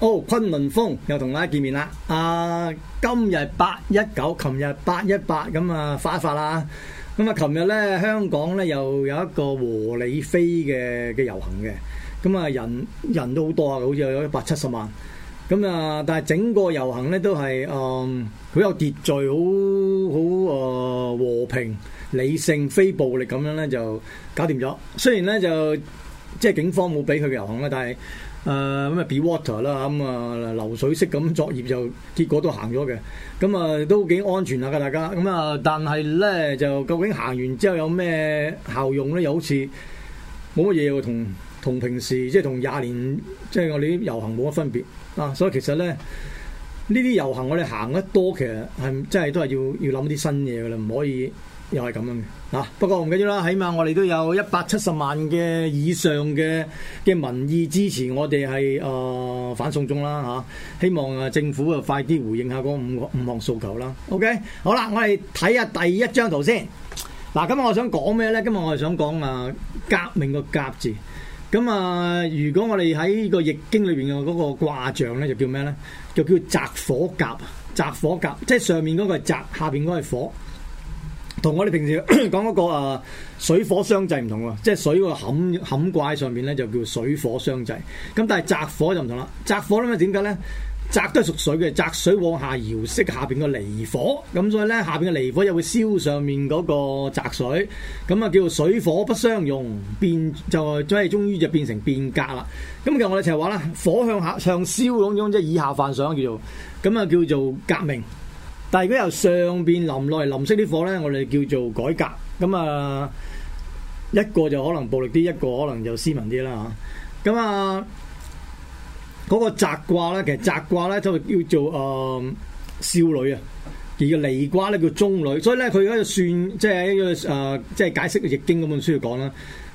哦，崑崙風又同大家見面啦！啊，今日八、嗯、一九，琴日八一八咁啊，發發啦！咁啊，琴日咧，香港咧又有一個和理非嘅嘅遊行嘅，咁、嗯、啊，人人都好多啊，好似有一百七十萬。咁、嗯、啊，但係整個遊行咧都係誒，好、嗯、有秩序，好好誒和平理性非暴力咁樣咧就搞掂咗。雖然咧就。即係警方冇俾佢遊行啦，但係誒咩 be water 啦咁啊、嗯、流水式咁作業就結果都行咗嘅。咁、嗯、啊都幾安全下噶大家，咁、嗯、啊但係咧就究竟行完之後有咩效用咧？又好似冇乜嘢，同同平時即係同廿年即係、就是、我哋啲遊行冇乜分別啊，所以其實咧呢啲遊行我哋行得多，其實係真係都係要要諗啲新嘢噶啦，唔可以。又係咁樣嘅，嚇！不過唔緊要啦，起碼我哋都有一百七十萬嘅以上嘅嘅民意支持我哋係誒反送中啦，嚇、啊！希望誒政府啊快啲回應一下嗰五個五項訴求啦。OK，好啦，我哋睇下第一張圖先。嗱，今日我想講咩咧？今日我係想講啊革命個革字。咁啊，如果我哋喺個易經裏邊嘅嗰個卦象咧，就叫咩咧？就叫澤火革，澤火革，即係上面嗰個係澤，下邊嗰係火。同我哋平時講嗰、 嗰個、啊、水火相濟唔同喎，即係水個冚冚蓋上面咧就叫水火相濟。咁但係澤火就唔同啦，澤火咧咩點解咧？澤都係屬水嘅，澤水往下搖熄下邊個離火，咁所以咧下邊個離火又會燒上面嗰個澤水，咁啊叫做水火不相容，變就即係終於就變成變革啦。咁其實我哋就係話啦，火向下向燒嗰種即係以下犯上叫做，咁啊叫做革命。但係如果由上邊淋落嚟淋熄啲火咧，我哋叫做改革咁啊。一個就可能暴力啲，一個可能就斯文啲啦。吓咁啊，嗰個澤卦咧，其實澤卦咧就叫做誒少女啊，而個離卦咧叫中女，所以咧佢而家就算即係一個誒，即係解釋易經咁本書嚟講啦。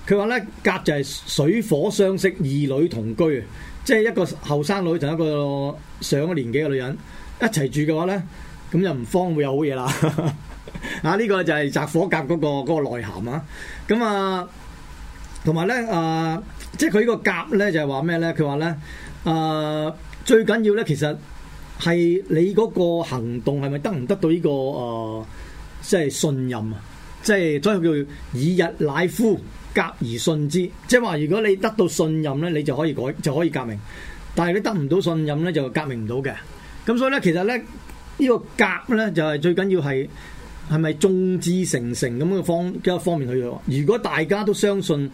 佢話咧，革就係水火相息，二女同居，即係一個後生女同一個上咗年紀嘅女人一齊住嘅話咧。咁又唔慌會有好嘢啦、 啊，啊、這、呢個就係澤火革嗰、那個嗰、那個內涵啊，咁啊，同埋咧誒，即係佢呢個革咧就係話咩咧？佢話咧誒，最緊要咧其實係你嗰個行動係咪得唔得到呢、這個誒、呃，即係信任啊，即係所以叫己日乃孚革而信之，即係話如果你得到信任咧，你就可以改就可以革命，但係你得唔到信任咧就革命唔到嘅，咁所以咧其實咧。這個甲呢、就是、是是成成個革咧就係最緊要係係咪眾志成城，咁嘅方一方面去，如果大家都相信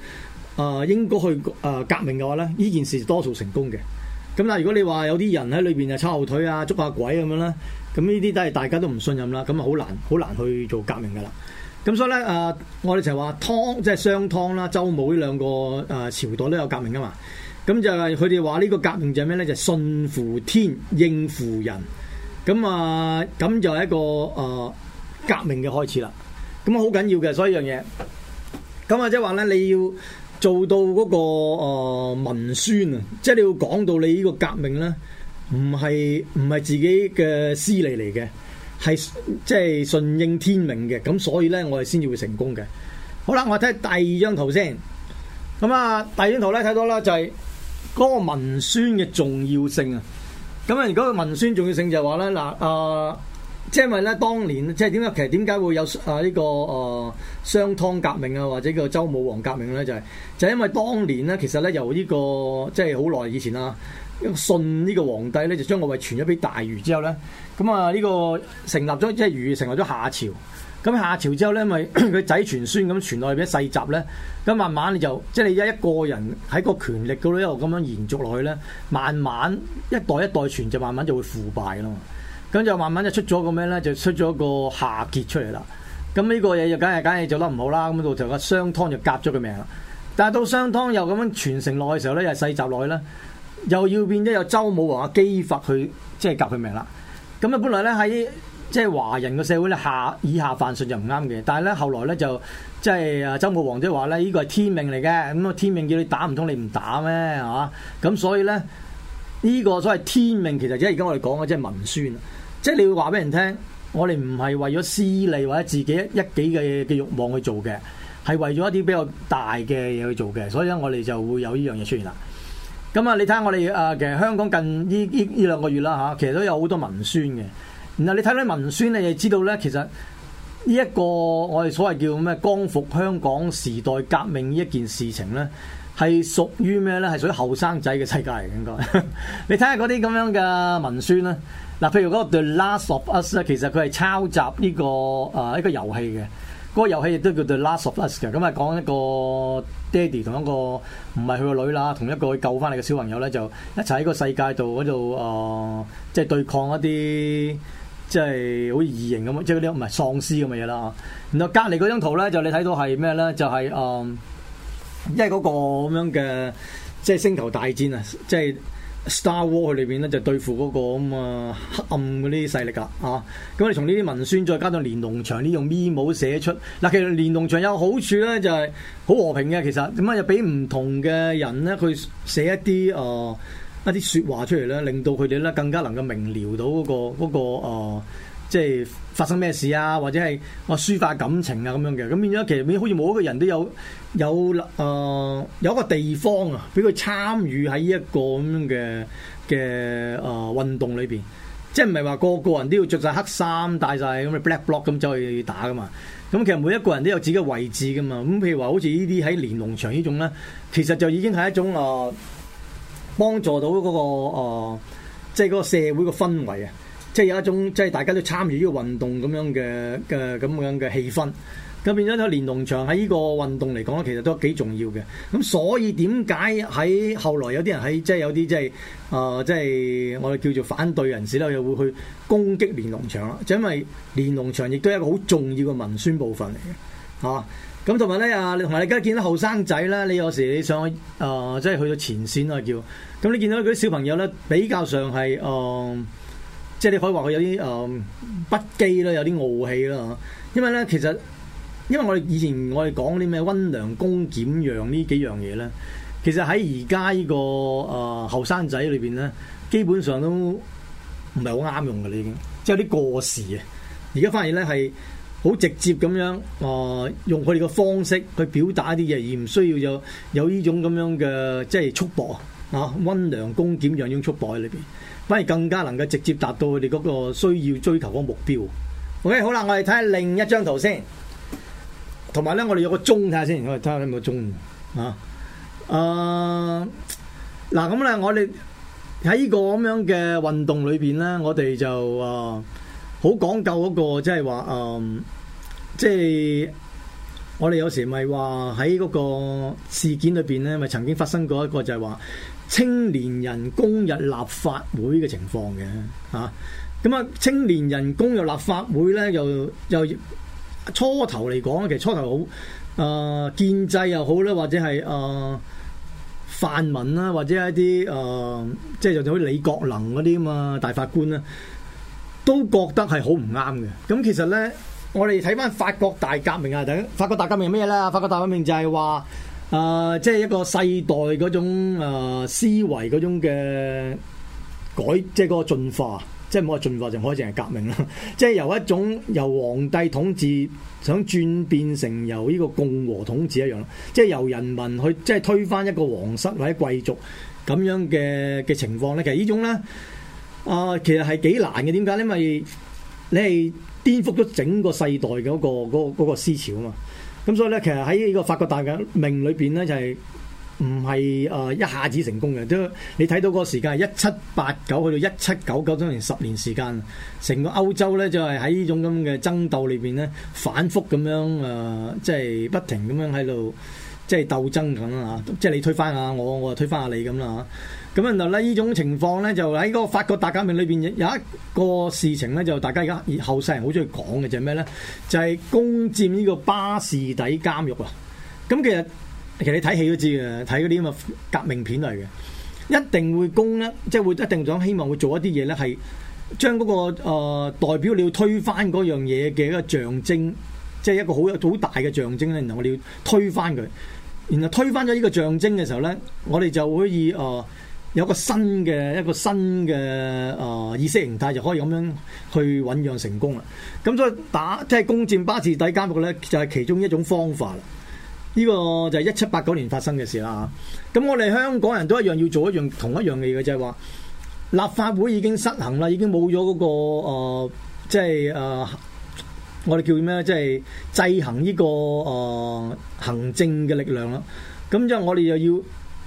啊應該去啊革命嘅話咧，呢件事多數成功嘅。咁但係如果你話有啲人喺裏邊就插後腿啊、捉下鬼咁樣咧，咁呢啲都係大家都唔信任啦。咁啊好難好難去做革命噶啦。咁所以咧啊、呃，我哋成日話湯即係商湯啦、周武呢兩個啊、呃、朝代都有革命噶嘛。咁就係佢哋話呢個革命就係咩咧？就係、信乎天，應乎人。咁啊，咁就係一個誒、呃、革命嘅開始啦。咁好緊要嘅，所以樣嘢。咁啊，即係話咧，你要做到嗰、那個誒文、呃、宣啊，即、就、係、是，你要講到你呢個革命咧，唔係唔係自己嘅私利嚟嘅，係即係順應天命嘅。咁所以咧，我哋先至會成功嘅。好啦，我睇第二張圖先。咁啊，第二張圖咧，睇到啦，就係嗰個文宣嘅重要性啊。咁啊！如果個文宣重要性就係話咧，嗱、呃，即係因為咧，當年即係點解其實點解會有呢、呢個誒商、呃、湯革命啊，或者叫周武王革命咧，就係、係、就係、係、因為當年咧，其實咧由呢、呢個即係好耐以前啦，舜呢個皇帝咧就將個位傳咗俾大禹之後咧，咁啊呢個成立咗即係禹成為咗夏朝。咁夏朝之後咧，因為佢仔傳孫咁傳落去，俾細集咧，咁慢慢你就即係你一一個人喺個權力嗰度一路咁樣延續落去咧，慢慢一代一代傳就慢慢就會腐敗噶啦嘛。咁就慢慢就出咗個咩咧？就出咗個夏桀出嚟啦。咁呢個嘢又梗係梗係做得唔好啦。咁到時候商湯就夾咗佢命啦。但係到商湯又咁樣傳承落去嘅時候咧，又細集落去呢，又要變咗有周武王姬發去即係、就是、夾佢命啦。咁啊，本來咧喺。即係華人嘅社會咧下，以下犯上就唔啱嘅，但係咧後來咧就即係啊周武王即係話咧呢個係天命嚟嘅，咁啊天命叫你打唔通你唔打咩係嘛？咁、啊、所以咧呢、這個所謂天命其實即係而家我哋講嘅即係文宣。即係你要話俾人聽，我哋唔係為咗私利或者自己一己嘅嘅欲望去做嘅，係為咗一啲比較大嘅嘢去做嘅，所以咧我哋就會有呢樣嘢出現啦。咁啊，你睇下我哋啊其實香港近呢呢呢兩個月啦吓，其實都有好多文宣嘅。然後你睇啲文宣你就知道咧，其實呢、這、一個我哋所謂叫咩光復香港時代革命呢一件事情咧，係屬於咩咧？係屬於後生仔嘅世界嚟應該。 你睇下嗰啲咁樣嘅文宣呢嗱，譬如嗰個《The Last of Us》咧，其實佢係抄襲呢、這個、呃、一個遊戲嘅，嗰、那個遊戲亦都叫做《Last of Us》嘅，咁啊講一個爹地同一個唔係佢個女啦，同一個去救翻嚟嘅小朋友咧，就一齊喺個世界度嗰度，即係對抗一啲。即係好似異形咁，即係嗰啲唔係喪屍咁嘅嘢啦。然後隔離嗰張圖咧，就你睇到係咩咧？就係、是、一、嗯、因為嗰個咁樣嘅即係星球大戰啊，即係 Star War 裏邊咧，就係、對付嗰個咁啊黑暗嗰啲勢力啊。啊，咁你從呢啲文宣，再加上連儂牆呢用 memo 寫出嗱，其實連儂牆有好處咧，就係、是、好和平嘅。其實咁啊，又俾唔同嘅人咧，佢寫一啲一啲説話出嚟咧，令到佢哋咧更加能夠明瞭到嗰個嗰個呃，即係發生咩事啊，或者係啊抒發感情啊咁樣嘅。咁變咗，其實好似每一個人都有有誒、呃、有一個地方啊，俾佢參與喺呢一個咁樣嘅嘅誒運動裏邊。即係唔係話個個人都要着晒黑衫、戴晒咁嘅 black block 咁走去打噶嘛？咁其實每一個人都有自己嘅位置噶嘛。咁譬如話，好似呢啲喺連儂牆呢種咧，其實就已經係一種誒，呃幫助到嗰、那個、呃、即係嗰個社會嘅氛圍啊！即係有一種即係大家都參與呢個運動咁樣嘅嘅咁樣嘅氣氛，咁變咗咧連儂牆喺呢個運動嚟講咧，其實都幾重要嘅。咁所以點解喺後來有啲人喺即係有啲、呃、即係誒即係我哋叫做反對人士咧，又會去攻擊連儂牆啦？就是、因為連儂牆亦都係一個好重要嘅文宣部分嚟嘅啊！咁同埋咧啊，呢你同埋你而家見到後生仔咧，你有時你上去啊，即、呃、係、就是、去到前線啊叫。咁你見到佢啲小朋友咧，比較上係，即係你可以話佢有啲啊、呃、不羈啦，有啲傲氣啦，因為咧，其實因為我哋以前我哋講啲咩温良恭儉讓呢幾樣嘢咧，其實喺而家呢個啊後生仔裏面咧，基本上都唔係好啱用㗎。已經，即係有啲過時嘅。反而家發現咧係。好直接咁樣啊、呃，用佢哋嘅方式去表達一啲嘢，而唔需要有有呢種咁樣嘅即係束縛啊，温良恭儉樣樣束縛喺裏邊，反而更加能夠直接達到佢哋嗰個需要追求嗰個目標。OK，好啦，我哋睇下另一張圖先，同埋咧，我哋有個鐘睇下先，我哋睇下有冇鐘啊？啊，嗱咁咧，我哋喺呢個咁樣嘅運動裏邊咧，我哋就啊，好、呃、講究嗰個即係話嗯。就是即係我哋有時咪話喺嗰個事件裏邊咧，咪曾經發生過一個就係話青年人攻入立法會嘅情況嘅吓。咁啊、嗯，青年人攻入立法會咧，又又初頭嚟講，其實初頭好誒、呃、建制又好啦，或者係誒、呃、泛民啦、啊，或者一啲誒、呃、即係就好似李國能嗰啲嘛大法官咧，都覺得係好唔啱嘅。咁、嗯、其實咧。我哋睇翻法國大革命啊，等法國大革命係咩咧？法國大革命就係話，誒、呃，即係一個世代嗰種、呃、思維嗰種嘅改，即係嗰個進化，即係唔好話進化，就可以淨係革命啦。即係由一種由皇帝統治，想轉變成由呢個共和統治一樣，即係由人民去即係推翻一個皇室或者貴族咁樣嘅嘅情況啦。其實種呢種咧，啊、呃，其實係幾難嘅。點解？因為你係，顛覆咗整個世代嘅嗰個嗰個嗰個思潮啊嘛，咁所以咧，其實喺呢個法國大革命裏邊咧，就係唔係誒一下子成功嘅，都你睇到個時間係一七八九去到一七九九，將成十年時間啊，成個歐洲咧就係喺呢種咁嘅爭鬥裏邊咧，反覆咁樣誒，即係不停咁樣喺度。即係鬥爭咁啦嚇，即係你推翻下我，我就推翻下你咁啦，咁然後咧依種情況咧，就喺嗰個法國大革命裏邊有一個事情咧，就大家而家而後世人好中意講嘅就係咩咧？就係攻佔呢個巴士底監獄啊！咁其實其實你睇戲都知嘅，睇嗰啲咁嘅革命片嚟嘅，一定會攻咧，即係會一定想希望會做一啲嘢咧，係將嗰個誒代表你要推翻嗰樣嘢嘅一個象徵，即係一個好好大嘅象徵咧。然後我哋要推翻佢。然後推翻咗呢個象徵嘅時候呢，我哋就可以誒、呃、有個新嘅一個新嘅、呃、意識形態，就可以咁樣去醞釀成功啦。咁所以打即係攻佔巴士底監獄呢，就係、是、其中一種方法啦。呢、這個就係一七八九年發生嘅事啦。咁我哋香港人都一樣要做一樣同一樣嘅嘢嘅，就係、是、話立法會已經失衡啦，已經冇咗嗰個、呃、即係我哋叫咩？即係制衡呢、這個誒、呃、行政嘅力量啦。咁之後我哋又要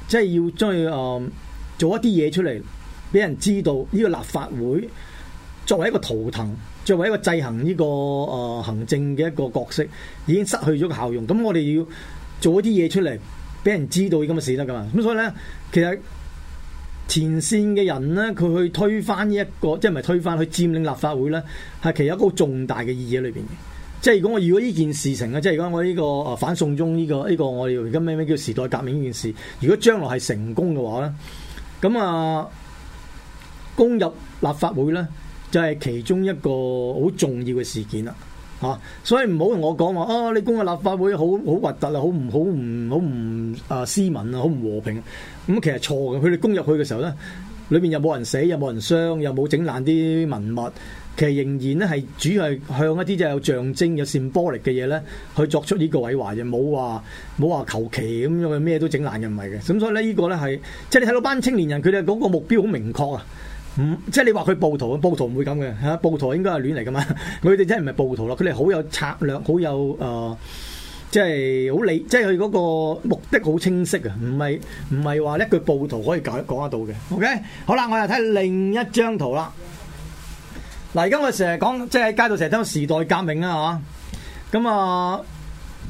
即係、就是、要將佢誒做一啲嘢出嚟，俾人知道呢個立法會作為一個圖騰，作為一個制衡呢、這個誒、呃、行政嘅一個角色，已經失去咗個效用。咁我哋要做一啲嘢出嚟，俾人知道呢啲咁嘅事得噶嘛。咁所以咧，其實～前線嘅人咧，佢去推翻呢一個，即係咪推翻去佔領立法會咧，係其中一個好重大嘅意義喺裏邊嘅。即係如果我如果呢件事情咧，即係如果我呢個啊反送中呢個呢個我哋而家咩咩叫時代革命呢件事，如果將來係成功嘅話咧，咁啊攻入立法會咧，就係其中一個好重要嘅事件啦。嚇，所以唔好同我講話啊，你攻入立法會好好核突啊，好唔好唔好唔。啊，斯文啊，好唔和平。咁其實錯嘅，佢哋攻入去嘅時候咧，裏面又冇人死，又冇人傷，又冇整爛啲文物。其實仍然咧係主要係向一啲即係有象徵、有扇玻璃嘅嘢咧，去作出呢個毀壞，就冇話冇話求其咁樣咩都整爛，唔係嘅。咁所以呢，呢個咧係即係你睇到班青年人，佢哋嗰個目標好明確啊。唔、嗯、即係你話佢暴徒啊，暴徒唔會咁嘅吓，暴徒應該係亂嚟嘅嘛。佢哋真係唔係暴徒啦，佢哋好有策略，好有、呃即係好理，即係佢嗰個目的好清晰啊！唔係唔係話一句暴徒可以講講得到嘅。OK，好啦，我又睇另一張圖啦。嗱，而家我成日講，即係喺街度成日都時代革命啊嚇。咁啊，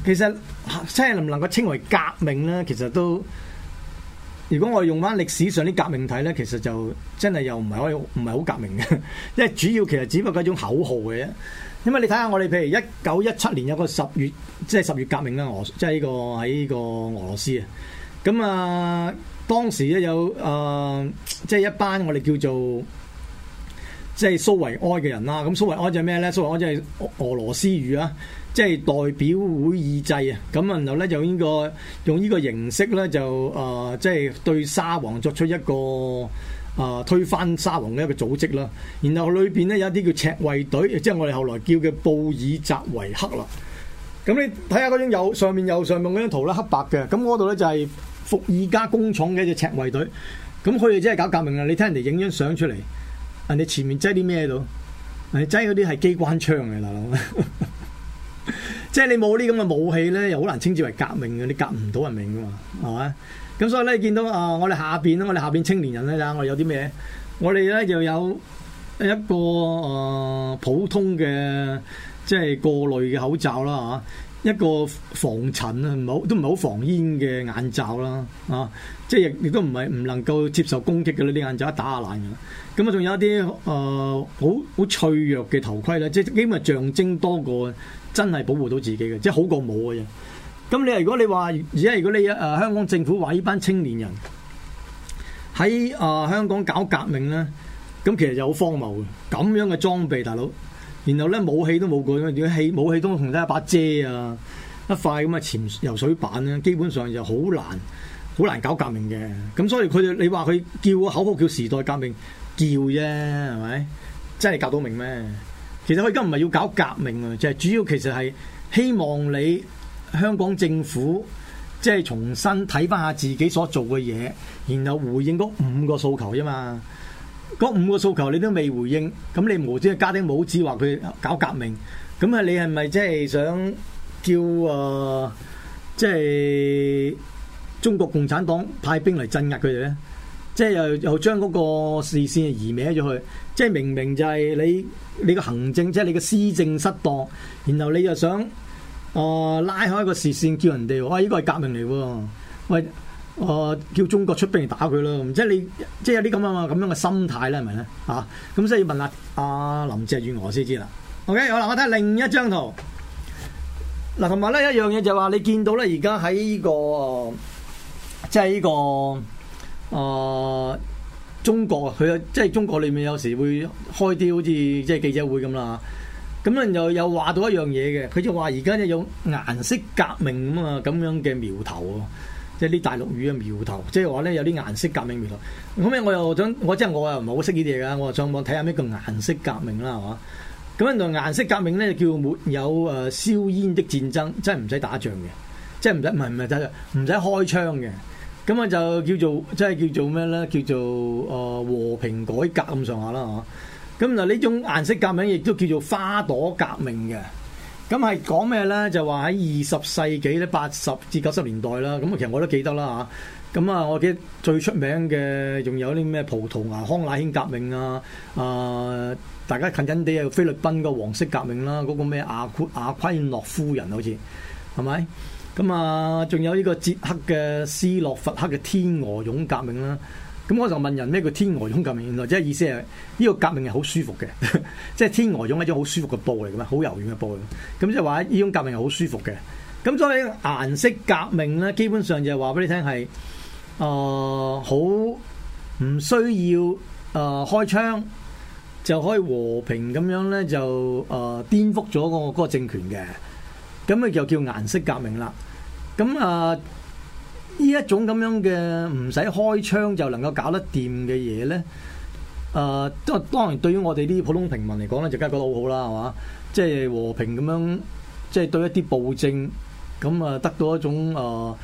其實即係能唔能夠稱為革命咧，其實都如果我用翻歷史上啲革命睇咧，其實就真係又唔係可以，唔係好革命嘅，因為主要其實只不過係一種口號嘅啫。因為你睇下我哋，譬如一九一七年有個十月，即係十月革命啊，俄即係呢個喺呢個俄羅斯啊。咁啊，當時咧有啊，即係一班我哋叫做即係蘇維埃嘅人啦。咁蘇維埃就係咩咧？蘇維埃就係俄羅斯語啊，即係代表會議制啊。咁然後咧就呢個用呢個形式咧就啊，即係對沙皇作出一個。啊，推翻沙皇嘅一個組織啦，然後裏邊咧有一啲叫赤衛隊，即係我哋後來叫嘅布爾什維克啦。咁你睇下嗰張右上面右上面嗰張圖咧，黑白嘅。咁嗰度咧就係伏爾加工廠嘅一隻赤衛隊。咁佢哋真係搞革命啊！你睇人哋影張相出嚟，人哋前面擠啲咩度？人哋擠嗰啲係機關槍嚟嘅嗱， 即係你冇呢咁嘅武器咧，又好難稱之為革命嘅，你革唔到人命嘅嘛，係嘛？咁所以咧，見到啊、呃，我哋下面，咧，我哋下面青年人咧，我哋有啲咩？我哋咧又有一個誒、呃、普通嘅，即係過濾嘅口罩啦、啊、一個防塵啊，唔好都唔係好防煙嘅眼罩啦啊！即係亦亦都唔係唔能夠接受攻擊嘅呢啲眼罩一打下爛嘅。咁啊，仲有一啲誒好好脆弱嘅頭盔咧，即係基本上象徵多過真係保護到自己嘅，即係好過冇嘅咁你如果你話而家如果你誒、呃、香港政府話呢班青年人喺啊、呃、香港搞革命咧，咁其實就好荒謬嘅。咁樣嘅裝備，大佬，然後咧武器都冇攰，如果器武器都同得一把遮啊，一塊咁嘅潛游水板咧，基本上就好難好難搞革命嘅。咁所以佢哋你話佢叫個口號叫時代革命叫啫，係咪真係革到命咩？其實佢而家唔係要搞革命啊，就係主要其實係希望你。香港政府即係重新睇翻下自己所做嘅嘢，然後回應嗰五個訴求啫嘛。嗰五個訴求你都未回應，咁你無端端加啲帽子話佢搞革命，咁啊你係咪即係想叫啊、呃，即係中國共產黨派兵嚟鎮壓佢哋咧？即係又又將嗰個視線移歪咗去，即係明明就係，就係你你嘅行政即係你嘅施政失當，然後你又想。哦，拉開一個視線叫人哋，哇、哎！呢個係革命嚟，喂，我、呃、叫中國出兵嚟打佢咯，即係你，即係有啲咁啊咁樣嘅心態咧，係咪咧？吓，咁所以要問阿阿、啊、林鄭月娥先知啦。OK，我嗱我睇下另一張圖，嗱同埋咧一樣嘢就話你見到咧、這個，而家喺呢個即係呢個誒中國，佢即係中國裏面有時會開啲好似即係記者會咁啦。咁咧又又話到一樣嘢嘅，佢就話話而家有顏色革命咁啊咁樣嘅苗頭喎，即係啲大陸語嘅苗頭，即係話咧有啲顏色革命苗頭。咁咧我又想，我即係我又唔係好識呢啲嘢噶，我又上網睇下咩叫顏色革命啦，係嘛？咁樣就顏色革命咧叫沒有誒硝煙的戰爭，即係唔使打仗嘅，即係唔使唔係唔係打仗，唔使開槍嘅。咁啊就叫做即係叫做咩咧？叫做誒和平改革咁上下啦嚇。咁嗱，呢種顏色革命亦都叫做花朵革命嘅，咁係講咩咧？就話喺二十世紀咧，八十至九十年代啦，咁其實我都記得啦吓，咁啊，我記得最出名嘅仲有啲咩葡萄牙康乃馨革命啊，啊、呃，大家近近哋啊，菲律賓嘅黃色革命啦、啊，嗰、嗰個咩阿亞奎諾夫人好似係咪？咁啊，仲有呢個捷克嘅斯洛伐克嘅天鵝絨革命啦、啊。咁我就問人咩叫天鵝絨革命？原來即係意思係呢個革命係好舒服嘅，即 係天鵝絨係一種好舒服嘅布嚟嘅咩？好柔軟嘅布。咁即係話呢種革命係好舒服嘅。咁所以顏色革命咧，基本上就係話俾你聽係誒好唔需要誒、呃、開槍就可以和平咁樣咧就誒、呃、顛覆咗我嗰個政權嘅。咁佢就叫顏色革命啦。咁啊～、呃呢一種咁樣嘅唔使開槍就能夠搞得掂嘅嘢咧，誒、呃，都當然對於我哋啲普通平民嚟講咧，就梗係覺得好好啦，係嘛？即係和平咁樣，即係對一啲暴政咁啊，得到一種誒，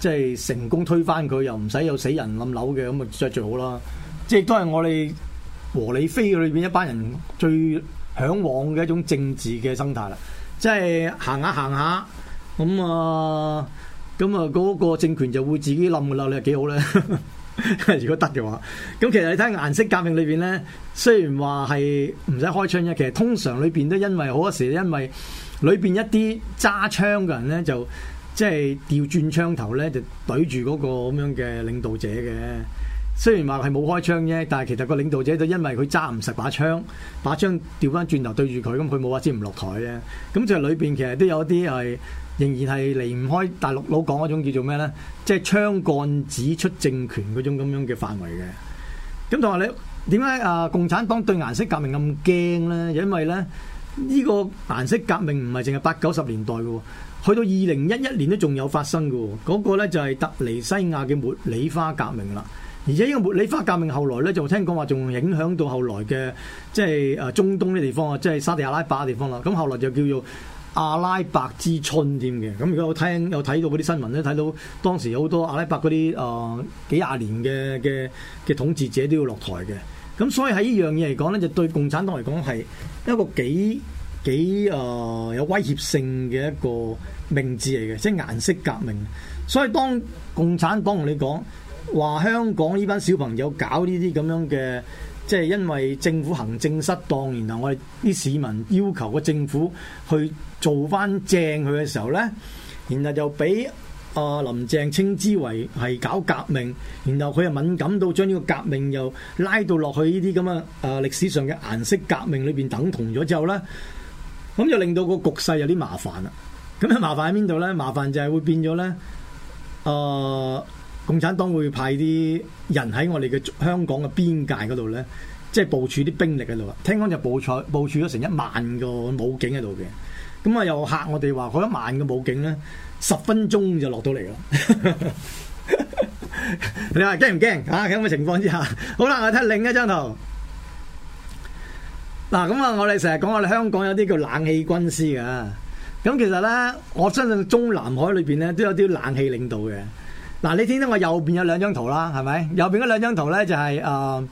即係成功推翻佢，又唔使有死人冧樓嘅咁啊，着最好啦！即係都係我哋和理非裏邊一班人最向往嘅一種政治嘅生態啦。即係行下行下，咁、嗯、啊～、呃咁啊，嗰個政權就會自己冧噶啦，你係幾好咧？ 如果得嘅話，咁其實你睇顏色革命裏面咧，雖然話係唔使開槍啫，其實通常裏面都因為好多時，因為裏面一啲揸槍嘅人咧，就即係調轉槍頭咧，就對住嗰個咁樣嘅領導者嘅。雖然話係冇開槍啫，但係其實個領導者就因為佢揸唔實把槍，把槍調翻轉頭對住佢，咁佢冇法先唔落台啫。咁就裏面其實都有啲係。仍然係離唔開大陸佬講嗰種叫做咩呢？即係槍桿子出政權嗰種咁樣嘅範圍嘅。咁同埋你點解啊？共產黨對顏色革命咁驚呢？因為呢，呢個顏色革命唔係淨係八九十年代嘅，去到二零一一年都仲有發生嘅。嗰個咧就係特尼西亞嘅茉莉花革命啦。而且呢個茉莉花革命後來呢，就聽講話仲影響到後來嘅即係中東啲地方啊，即係沙地阿拉伯嘅地方啦。咁後來就叫做。阿拉伯之春添嘅，咁如果我聽有睇到嗰啲新聞咧，睇到當時有好多阿拉伯嗰啲誒幾廿年嘅嘅嘅統治者都要落台嘅，咁所以喺呢樣嘢嚟講咧，就對共產黨嚟講係一個幾幾誒、呃、有威脅性嘅一個名字嚟嘅，即、就、係、是、顏色革命。所以當共產黨同你講話香港呢班小朋友搞呢啲咁樣嘅。即係因為政府行政失當，然後我哋啲市民要求個政府去做翻正佢嘅時候咧，然後就俾阿林鄭稱之為係搞革命，然後佢又敏感到將呢個革命又拉到落去呢啲咁嘅啊歷史上嘅顏色革命裏邊，等同咗之後咧，咁就令到個局勢有啲麻煩啦。咁啊麻煩喺邊度咧？麻煩就係會變咗咧啊！呃共產黨會派啲人喺我哋嘅香港嘅邊界嗰度咧，即係部署啲兵力喺度啊！聽講就部署部署咗成一萬個武警喺度嘅。咁啊又吓我哋話嗰一萬個武警咧，十分鐘就落到嚟咯！你話驚唔驚啊？咁嘅情況之下，好啦，我睇另一張圖。嗱，咁啊，我哋成日講我哋香港有啲叫冷氣軍師噶，咁其實咧，我相信中南海裏邊咧都有啲冷氣領導嘅。嗱，你聽到我右邊有兩張圖啦，係咪？右邊嗰兩張圖咧就係誒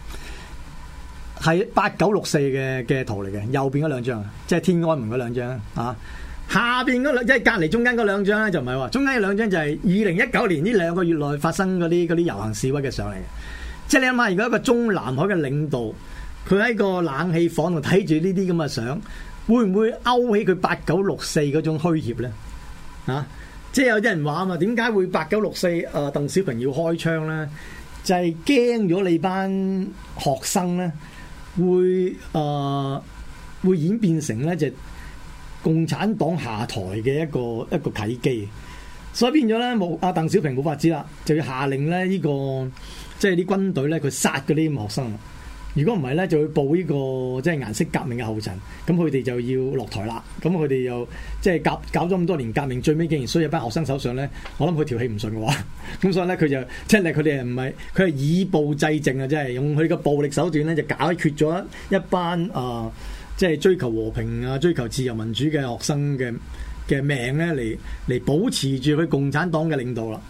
係八九六四嘅嘅圖嚟嘅，右邊嗰兩張，即係天安門嗰兩張、啊、下邊嗰兩即係隔離中間嗰兩張咧，就唔係話中間有兩張就係二零一九年呢兩個月內發生嗰啲嗰啲遊行示威嘅相嚟嘅。即係你諗下，如果一個中南海嘅領導，佢喺個冷氣房度睇住呢啲咁嘅相，會唔會勾起佢八九六四嗰種虛怯咧？啊！即係有啲人話啊嘛，點解會八九六四？啊，鄧小平要開槍咧，就係驚咗你班學生咧，會、呃、啊會演變成咧就共產黨下台嘅一個一個契機，所以變咗咧冇啊鄧小平冇法子啦，就要下令咧、這、依個即係啲軍隊咧佢殺嗰啲咁學生。如果唔係咧，就會步呢個即係顏色革命嘅後塵，咁佢哋就要落台啦。咁佢哋又即係、就是、搞搞咗咁多年革命，最尾竟然輸喺班學生手上咧，我諗佢條氣唔順嘅話，咁所以咧佢就即係佢哋唔係佢係以暴制政啊，即、就、係、是、用佢嘅暴力手段咧就解決咗一班啊，即、呃、係、就是、追求和平啊、追求自由民主嘅學生嘅嘅命咧，嚟嚟保持住佢共產黨嘅領導啦。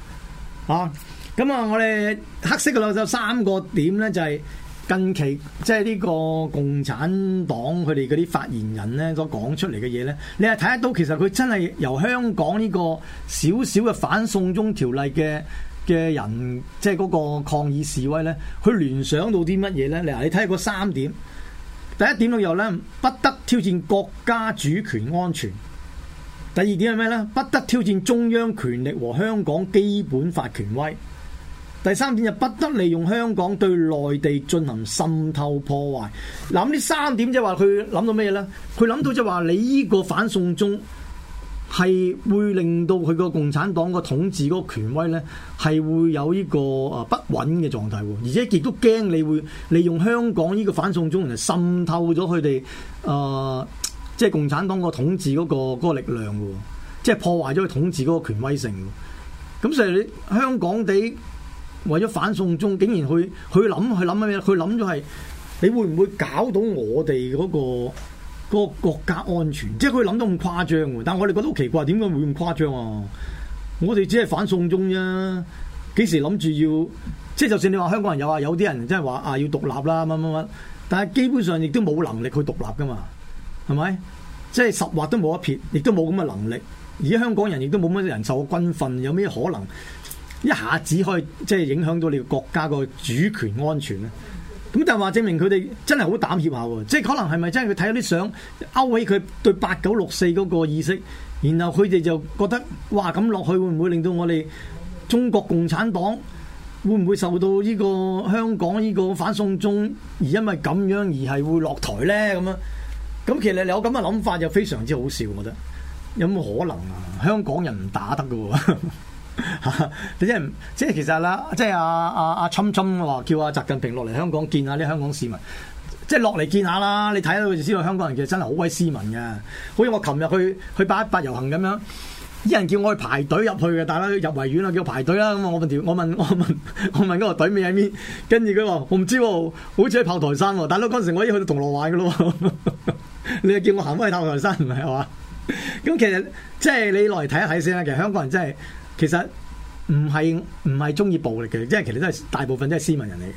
啊，咁啊，我哋黑色嘅兩三個點咧就係、是。近期即係呢個共產黨佢哋嗰啲發言人咧所講出嚟嘅嘢咧，你係睇得到其實，佢真係由香港呢個小小嘅反送中條例嘅嘅人，即係嗰個抗議示威咧，佢聯想到啲乜嘢咧？你睇下三點。第一點到由咧不得挑戰國家主權安全，第二點係咩咧？不得挑戰中央權力和香港基本法權威。第三點就不得利用香港對內地進行滲透破壞。嗱，呢三點即係話佢諗到咩咧？佢諗到即係話你呢個反送中係會令到佢個共產黨個統治嗰個權威咧係會有呢個啊不穩嘅狀態，而且亦都驚你會利用香港呢個反送中嚟滲透咗佢哋啊，即係共產黨個統治嗰個個力量嘅，即係破壞咗佢統治嗰個權威性。咁所以你香港地。為咗反送中，竟然去去諗去諗乜嘢？佢諗咗係你會唔會搞到我哋嗰個嗰個國家安全？即係佢諗到咁誇張喎！但係我哋覺得好奇怪，點解會咁誇張啊？我哋只係反送中啫，幾時諗住要？即係就算你話香港人有，有人啊，有啲人即係話啊要獨立啦，乜乜乜，但係基本上亦都冇能力去獨立噶嘛，係咪？即係實話都冇一撇，亦都冇咁嘅能力。而家香港人亦都冇乜人受過軍訓，有咩可能？一下子可以即係影響到你國家個主權安全咧？咁但話證明佢哋真係好膽怯下喎，即係可能係咪真係佢睇咗啲相勾起佢對八九六四嗰個意識，然後佢哋就覺得哇，咁落去會唔會令到我哋中國共產黨會唔會受到呢個香港呢個反送中而因為咁樣而係會落台咧咁樣？咁其實你有咁嘅諗法又非常之好笑，我覺得有冇可能啊？香港人唔打得㗎喎。呵呵吓！ 即係即係，其實啦，即係阿阿阿秦秦話叫阿習近平落嚟香港見下、啊、啲香港市民，即係落嚟見下啦。你睇到佢就知道，香港人其實真係好鬼斯文嘅。好似我琴日去去八一八遊行咁樣，啲人叫我去排隊入去嘅，大佬入維園啦，叫我排隊啦，咁我問條，我問我問我問嗰個隊尾喺邊？跟住佢話我唔知，好似喺炮台山，喔。但係咧，嗰陣時我已經去到銅鑼灣噶啦。 你又叫我行翻去炮台山，唔係嘛？咁 其實即係你落嚟睇一睇先啦。其實香港人真係。其實唔係唔係中意暴力嘅，即係其實都係大部分都係斯文人嚟嘅。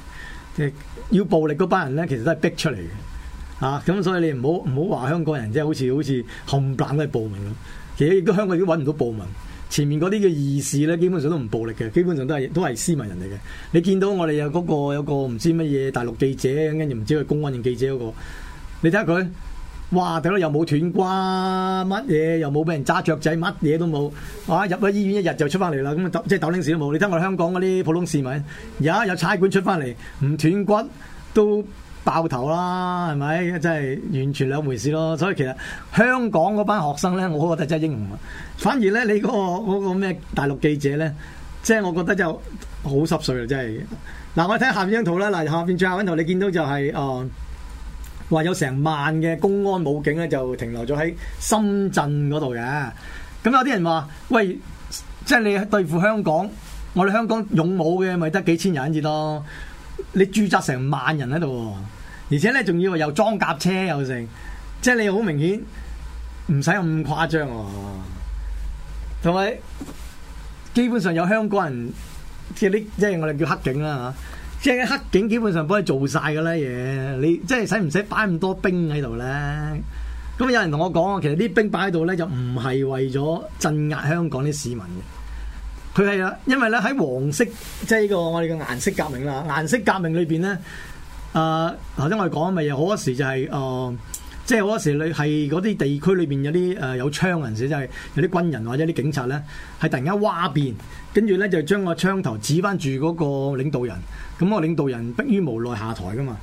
即係要暴力嗰班人咧，其實都係逼出嚟嘅。啊，咁所以你唔好唔好話香港人即係好似好似冚冷都係暴民咁。其實亦都香港已經揾唔到暴民。前面嗰啲嘅義士咧，基本上都唔暴力嘅，基本上都係都係斯文人嚟嘅。你見到我哋有嗰個有個唔知乜嘢大陸記者，跟住唔知佢公安員記者嗰個，你睇下佢。哇！睇到又冇斷骨，乜嘢又冇俾人揸腳仔，乜嘢都冇。啊！入咗醫院一日就出翻嚟啦，咁即係豆丁事都冇。你睇我哋香港嗰啲普通市民，而家有差館出翻嚟，唔斷骨都爆頭啦，係咪？真係完全兩回事咯。所以其實香港嗰班學生咧，我覺得真係英雄。反而咧，你嗰、嗰個嗰咩、嗰個、大陸記者咧，即係我覺得就好濕碎啦，真係。嗱、啊，我睇下面張圖啦。嗱，下面最後嗰張圖你見到就係、是、誒。嗯話有成萬嘅公安武警咧，就停留咗喺深圳嗰度嘅。咁有啲人話，喂，即係你對付香港，我哋香港勇武嘅咪得幾千人至多。你駐紮成萬人喺度，而且咧仲要又裝甲車又成，即係你好明顯唔使咁誇張喎。同埋，基本上有香港人，即係啲即係我哋叫黑警啦、啊、嚇。即係黑警，基本上幫你做晒噶啦嘢。你即係使唔使擺咁多兵喺度咧？咁有人同我講，其實啲兵擺喺度咧，就唔係為咗鎮壓香港啲市民嘅。佢係啊，因為咧喺黃色，即係呢個我哋嘅顏色革命啦。顏色革命裏邊咧，啊頭先我哋講乜嘢，好多時就係、是、啊。呃即係嗰時你係嗰啲地區裏面有啲、呃、有槍人士，即、就、係、是、有啲軍人或者啲警察咧，係突然間嘩變，跟住咧就將個槍頭指翻住嗰個領導人，咁、那個領導人迫於無奈下台噶嘛。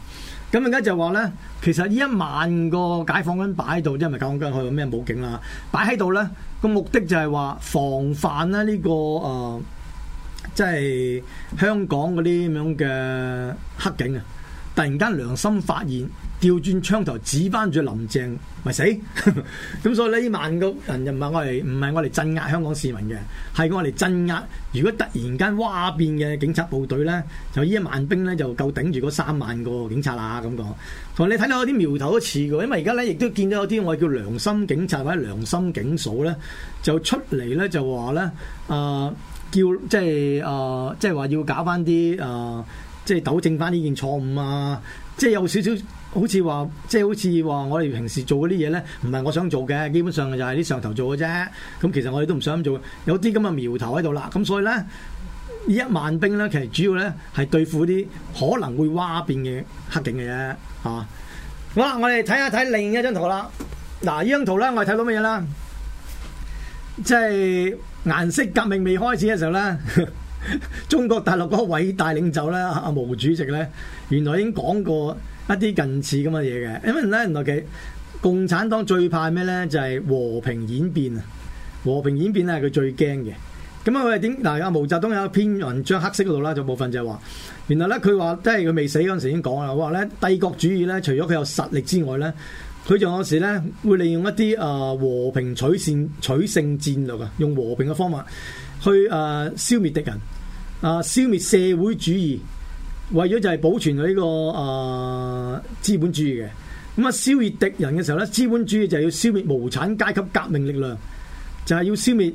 咁而家就話咧，其實呢一萬個解放軍擺喺度，即係咪解放軍去咩武警啦、啊？擺喺度咧個目的就係話防範咧、這、呢個、呃、即係香港嗰啲咁樣嘅黑警啊！突然間良心發現，調轉槍頭指翻住林鄭咪死，咁 所以呢萬個人就唔係我哋，唔係我哋鎮壓香港市民嘅，係我哋鎮壓。如果突然間嘩變嘅警察部隊咧，就呢一萬兵咧就夠頂住嗰三萬個警察啦咁講。同你睇到嗰啲苗頭都似嘅，因為而家咧亦都見到有啲我哋叫良心警察或者良心警嫂咧，就出嚟咧就話咧、呃，叫即係、呃、即係話要搞翻啲誒。呃即係糾正翻呢件錯誤啊！即係有少少好似話，即係好似話，我哋平時做嗰啲嘢咧，唔係我想做嘅，基本上就係啲上頭做嘅啫。咁其實我哋都唔想咁做的，有啲咁嘅苗頭喺度啦。咁所以咧，呢一萬兵咧，其實主要咧係對付啲可能會嘩變嘅黑警嘅啫。嚇、啊！好啦，我哋睇下睇另一張圖啦。嗱，呢張圖咧，我哋睇到乜嘢啦？即係顏色革命未開始嘅時候啦。呵呵。 中國大陸嗰個偉大領袖咧，阿毛主席咧，原來已經講過一啲近似咁嘅嘢嘅，因為咧，原來共產黨最怕咩咧？就係、是、和平演變啊！和平演變係佢最驚嘅。咁啊，我哋點嗱？阿毛澤東有一篇文章《黑色路》啦，就部分就係話，原來咧佢話，即係佢未死嗰陣時候已經講啦。我話咧，帝國主義咧，除咗佢有實力之外咧，佢仲有時咧會利用一啲啊和平取勝、取勝戰略啊，用和平嘅方法。去啊、呃，消滅敵人啊、呃，消滅社會主義，為咗就係保存佢呢、這個啊、呃、資本主義嘅。咁啊，消滅敵人嘅時候咧，資本主義就係要消滅無產階級革命力量，就係、是、要消滅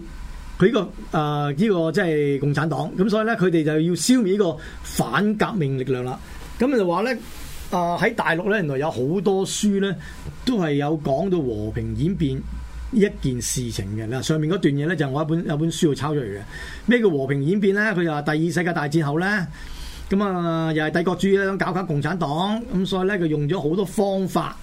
佢呢個啊呢、呃這個即係共產黨。咁所以咧，佢哋就要消滅呢個反革命力量啦。咁就話咧啊，喺、呃、大陸咧，原來有好多書咧，都係有講到和平演變。呢一件事情嘅。嗱，上面嗰段嘢咧就我一本有本書要抄出嚟嘅。咩叫和平演變咧？佢就話第二世界大戰後咧，咁、嗯、啊又係帝國主義咧搞搞共產黨，咁、嗯、所以咧佢用咗好多方法，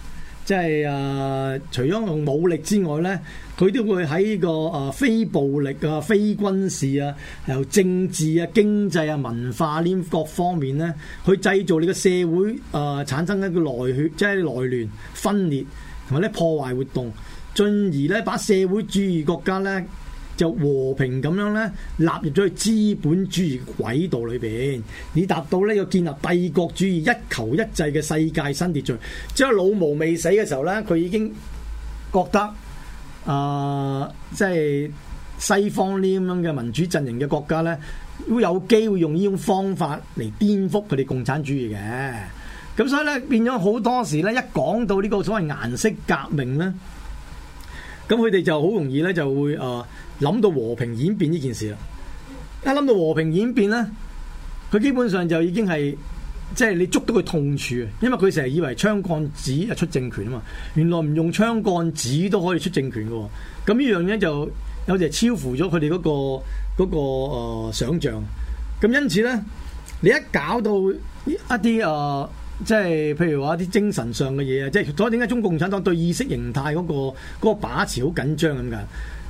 即係、呃、除咗用武力之外咧，佢都會喺呢、個、呃、非暴力啊、非軍事啊、由政治啊、經濟啊、文化呢、啊、各方面咧，去製造你個社會誒、呃、產生一個內血，即係內亂、分裂同埋啲破壞活動。進而咧，把社會主義國家咧就和平咁樣咧納入咗去資本主義軌道裏邊，以達到咧要建立帝國主義一球一制嘅世界新秩序。即係老毛未死嘅時候咧，佢已經覺得啊，即、呃、係、就係、西方呢咁樣嘅民主陣營嘅國家咧，會有機會用呢種方法嚟顛覆佢哋共產主義嘅。咁所以咧變咗好多時咧，一講到呢個所謂顏色革命咧。咁佢哋就好容易咧就會啊諗到和平演變呢件事啦！一諗到和平演變咧，佢基本上就已經係即係你捉到佢痛處啊！因為佢成日以為槍桿子係出政權啊嘛，原來唔用槍桿子都可以出政權嘅喎！咁呢樣嘢就有時係超乎咗佢哋嗰個嗰個、呃、想象。咁因此咧，你一搞到一啲誒即係譬如話啲精神上嘅嘢啊，即係所以點解中共產黨對意識形態嗰個嗰個把持好緊張咁㗎？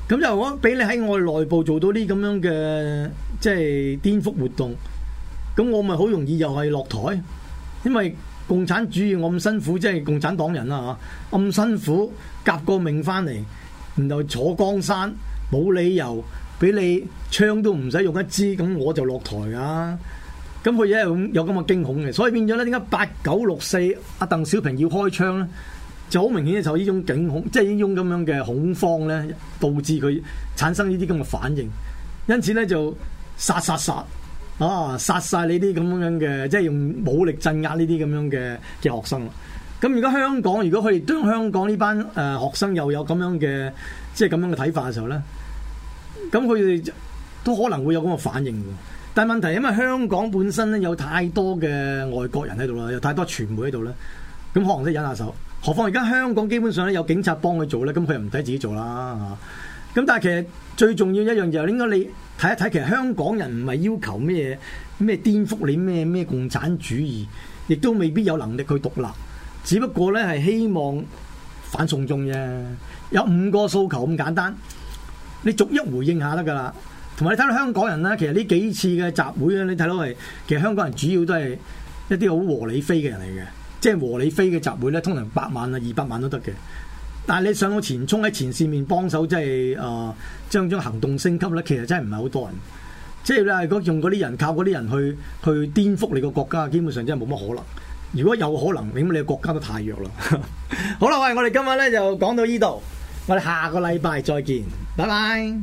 咁就如果俾你喺我哋內部做到呢咁樣嘅即係顛覆活動，咁我咪好容易又係落台？因為共產主義我咁辛苦，即係共產黨人啊，嚇，咁辛苦夾個命翻嚟，然後坐江山，冇理由俾你槍都唔使用一支，咁我就落台㗎。咁佢一係咁有咁嘅驚恐嘅，所以變咗咧，點解八九六四阿鄧小平要開槍咧？就好明顯就呢、是、種驚恐，即係呢種咁樣嘅恐慌咧，導致佢產生呢啲咁嘅反應。因此咧就殺殺殺啊，殺曬你啲咁樣嘅，即、就、係、是、用武力鎮壓呢啲咁樣嘅嘅學生。咁如果香港，如果佢哋對香港呢班誒學生又有咁樣嘅，即係咁樣嘅睇法嘅時候咧，咁佢哋都可能會有咁嘅反應。但係問題，因為香港本身咧有太多嘅外國人喺度啦，有太多傳媒喺度咧，咁可能都忍下手。何況而家香港基本上咧有警察幫佢做咧，咁佢又唔使自己做啦。咁但係其實最重要嘅一樣就應該你睇一睇，其實香港人唔係要求咩咩顛覆你咩咩共產主義，亦都未必有能力去獨立。只不過咧係希望反送中啫，有五個訴求咁簡單，你逐一回應下得㗎啦。同埋你睇到香港人咧，其實呢幾次嘅集會呢，你睇到係其實香港人主要都係一啲好和理非嘅人嚟嘅，即係和理非嘅集會咧，通常百萬啊、二百萬都得嘅。但係你上到前衝喺前線面幫手，即係將、呃、將行動升級咧，其實真係唔係好多人。即係如果用嗰啲人靠嗰啲人去去顛覆你個國家，基本上真係冇乜可能。如果有可能，咁你個國家都太弱啦。好啦，喂，我哋今日咧就講到呢度，我哋下個禮拜再見，拜拜。